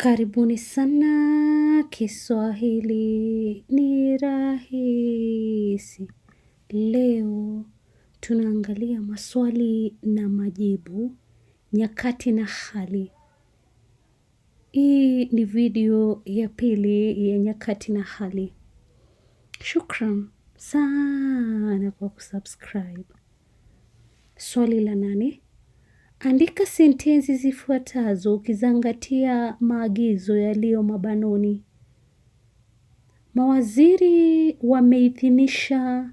Karibuni sana Kiswahili ni rahisi. Leo tunaangalia maswali na majibu, nyakati na hali. Hii ni video ya pili ya nyakati na hali. Shukran sana kwa kusubscribe. Swali la nane, Andika sentensi zifuatazo ukizangatia maagizo yaliyo mabanoni. Mawaziri wameidhinisha,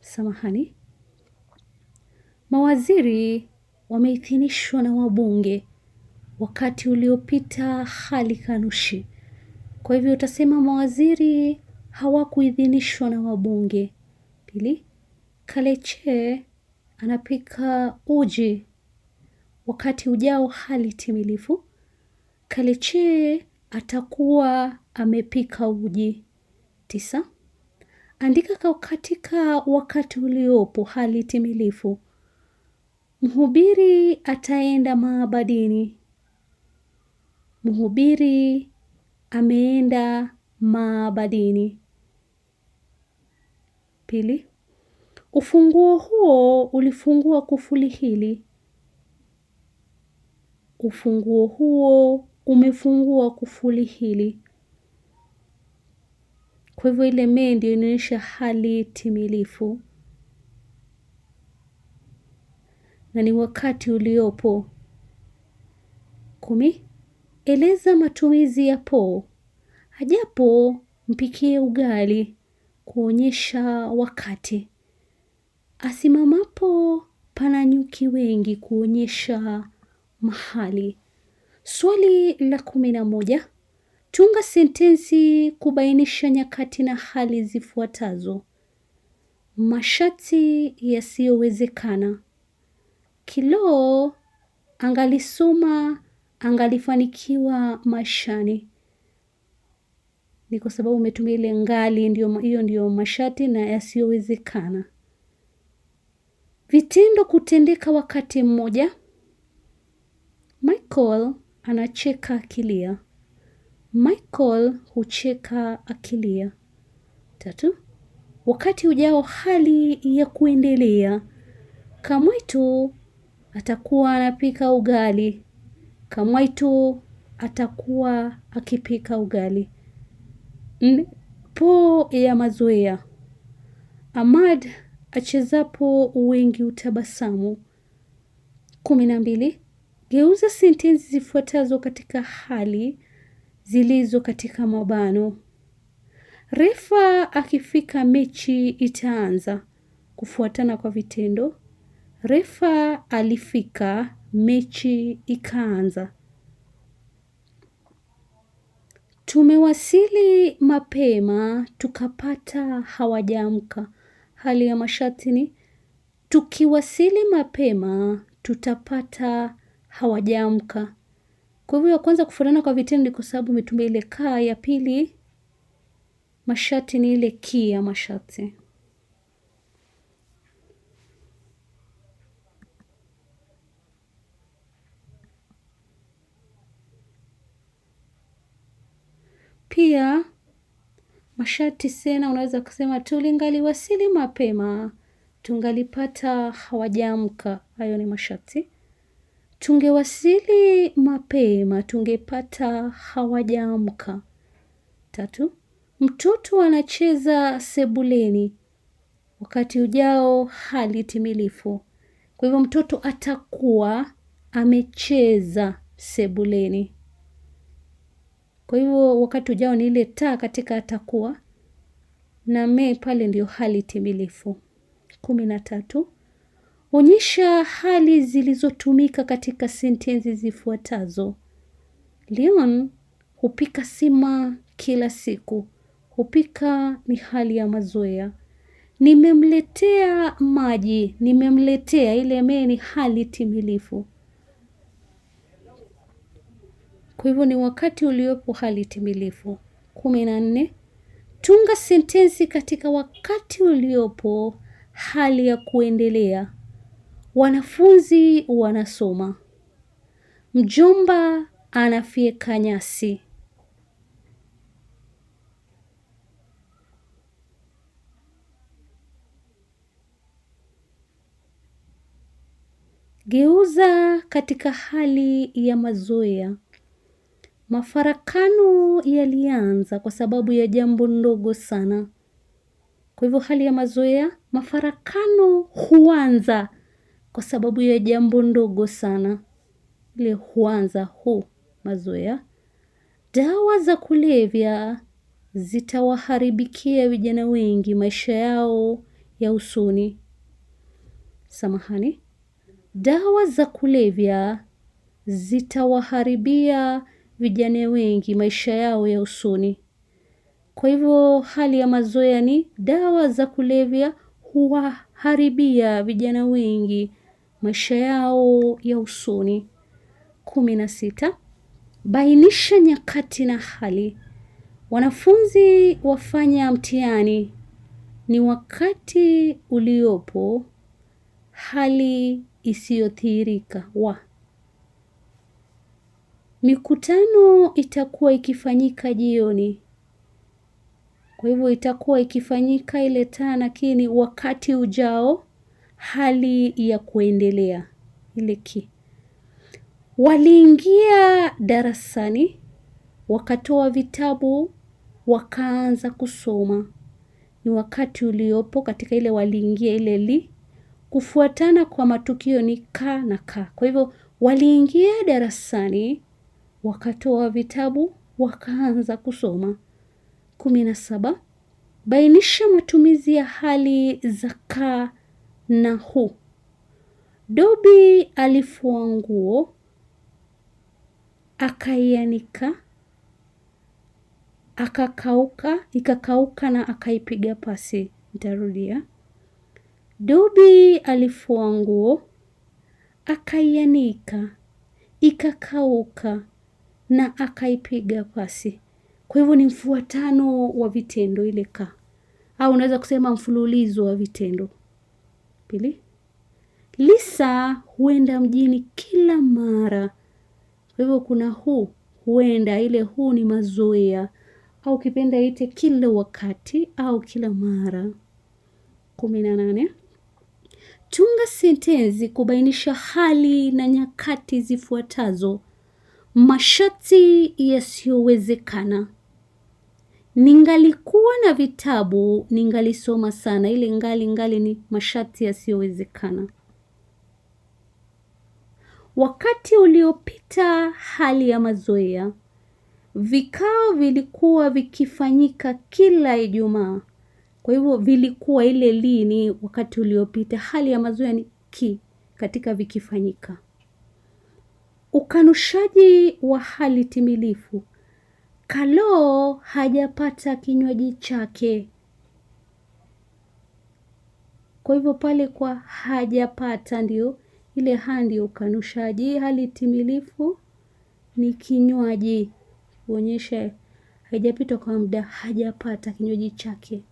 samahani. Mawaziri wameidhinishwa na wabunge wakati uliopita hali kanushi. Kwa hivyo utasema mawaziri hawakuidhinishwa na wabunge. Pili, Kaleche anapika uji wakati ujao hali timilifu, Kaliche atakuwa amepika uji. Tisa, andika katika wakati uliopo hali timilifu. Mhubiri ataenda maabadini. Mhubiri ameenda maabadini. Pili, ufunguo huo ulifungua kufuli hili. Ufunguo huo umefungua kufuli hili. Kwa hivyo ile Mei ndio inaonyesha hali timilifu, na ni wakati uliopo. Kumi, eleza matumizi ya po. Ajapo mpikie ugali, kuonyesha wakati. Asimamapo pana nyuki wengi, kuonyesha mahali. Swali la kumi na moja. Tunga sentensi kubainisha nyakati na hali zifuatazo. Masharti yasiyowezekana. Kiloo angalisoma angalifanikiwa maishani. Ni kwa sababu umetumia ile ngali ndio hiyo ndiyo masharti na yasiyowezekana. Vitendo kutendeka wakati mmoja. Michael anacheka akilia. Michael hucheka akilia. Tatu, wakati ujao hali ya kuendelea. Kamwitu atakuwa anapika ugali. Kamwitu atakuwa akipika ugali. Nne, po ya mazoea. Ahmad achezapo wengi utabasamu. Kumi na mbili, Geuza sentensi zifuatazo katika hali zilizo katika mabano. Refa akifika mechi itaanza. Kufuatana kwa vitendo. Refa alifika mechi ikaanza. Tumewasili mapema tukapata hawajaamka. Hali ya mashatini ni tukiwasili mapema tutapata hawajaamka. Kwa hivyo ya kwanza kufanana kwa vitendo kwa sababu umetumia ile kaa, ya pili mashati ni ile ki ya mashati. Pia mashati sena, unaweza kusema tulingaliwasili mapema, tungalipata hawajaamka. Hayo ni mashati Tungewasili mapema, tungepata hawajaamka. Tatu, mtoto anacheza sebuleni, wakati ujao hali timilifu. Kwa hivyo mtoto atakuwa amecheza sebuleni. Kwa hivyo wakati ujao ni ile taa katika atakuwa na me pale ndiyo hali timilifu. Kumi na tatu, Onyesha hali zilizotumika katika sentensi zifuatazo. Leon hupika sima kila siku. Hupika ni hali ya mazoea. Nimemletea maji, nimemletea ile mee ni hali timilifu. Kwa hivyo ni wakati uliopo hali timilifu. Kumi na nne. Tunga sentensi katika wakati uliopo hali ya kuendelea. Wanafunzi wanasoma. Mjomba anafyeka nyasi. Geuza katika hali ya mazoea. Mafarakano yalianza kwa sababu ya jambo ndogo sana. Kwa hivyo hali ya mazoea, mafarakano huanza kwa sababu ya jambo ndogo sana ile huanza hu mazoea. Dawa za kulevya zitawaharibikia vijana wengi maisha yao ya usoni. Samahani, dawa za kulevya zitawaharibia vijana wengi maisha yao ya usoni. Kwa hivyo hali ya mazoea ni dawa za kulevya huwaharibia vijana wengi maisha yao ya usoni. kumi na sita. Bainisha nyakati na hali. Wanafunzi wafanya mtihani ni wakati uliopo, hali isiyothirika wa mikutano itakuwa ikifanyika jioni. Kwa hivyo itakuwa ikifanyika ile taa lakini wakati ujao hali ya kuendelea ile ki. Waliingia darasani, wakatoa vitabu, wakaanza kusoma. Ni wakati uliopo katika ile waliingia ile li, kufuatana kwa matukio ni ka na ka. Kwa hivyo waliingia darasani, wakatoa vitabu, wakaanza kusoma. kumi na saba. Bainisha matumizi ya hali za ka na hu. Dobi alifua nguo, akaianika, akakauka, ikakauka na akaipiga pasi. Nitarudia. Dobi alifua nguo, akaianika, ikakauka na akaipiga pasi. Kwa hivyo ni mfuatano wa vitendo ile ka, au unaweza kusema mfululizo wa vitendo. Pili, Lisa huenda mjini kila mara. Kwa hivyo kuna huu huenda, ile huu ni mazoea au ukipenda ite kila wakati au kila mara. kumi na nane. Tunga sentensi kubainisha hali na nyakati zifuatazo: masharti yasiyowezekana. Ningalikuwa na vitabu ningalisoma sana, ile ngali ngali ni masharti yasiyowezekana. Wakati uliopita hali ya mazoea, vikao vilikuwa vikifanyika kila Ijumaa. Kwa hivyo vilikuwa ile li ni wakati uliopita, hali ya mazoea ni ki katika vikifanyika. Ukanushaji wa hali timilifu Kaloo hajapata kinywaji chake. Kwa hivyo pale kwa hajapata ndio ile ha ndio ukanushaji, hali timilifu ni kinywaji kuonyesha haijapitwa kwa muda, hajapata kinywaji chake.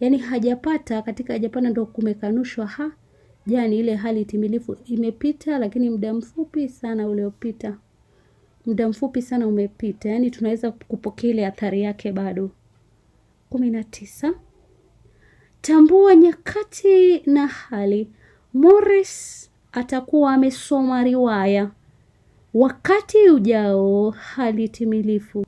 Yaani hajapata katika hajapata ndio kumekanushwa ha, yaani ile hali timilifu imepita lakini muda mfupi sana uliopita muda mfupi sana umepita, yaani tunaweza kupokea ile athari yake bado. kumi na tisa. Tambua nyakati na hali. Morris atakuwa amesoma riwaya wakati ujao hali timilifu.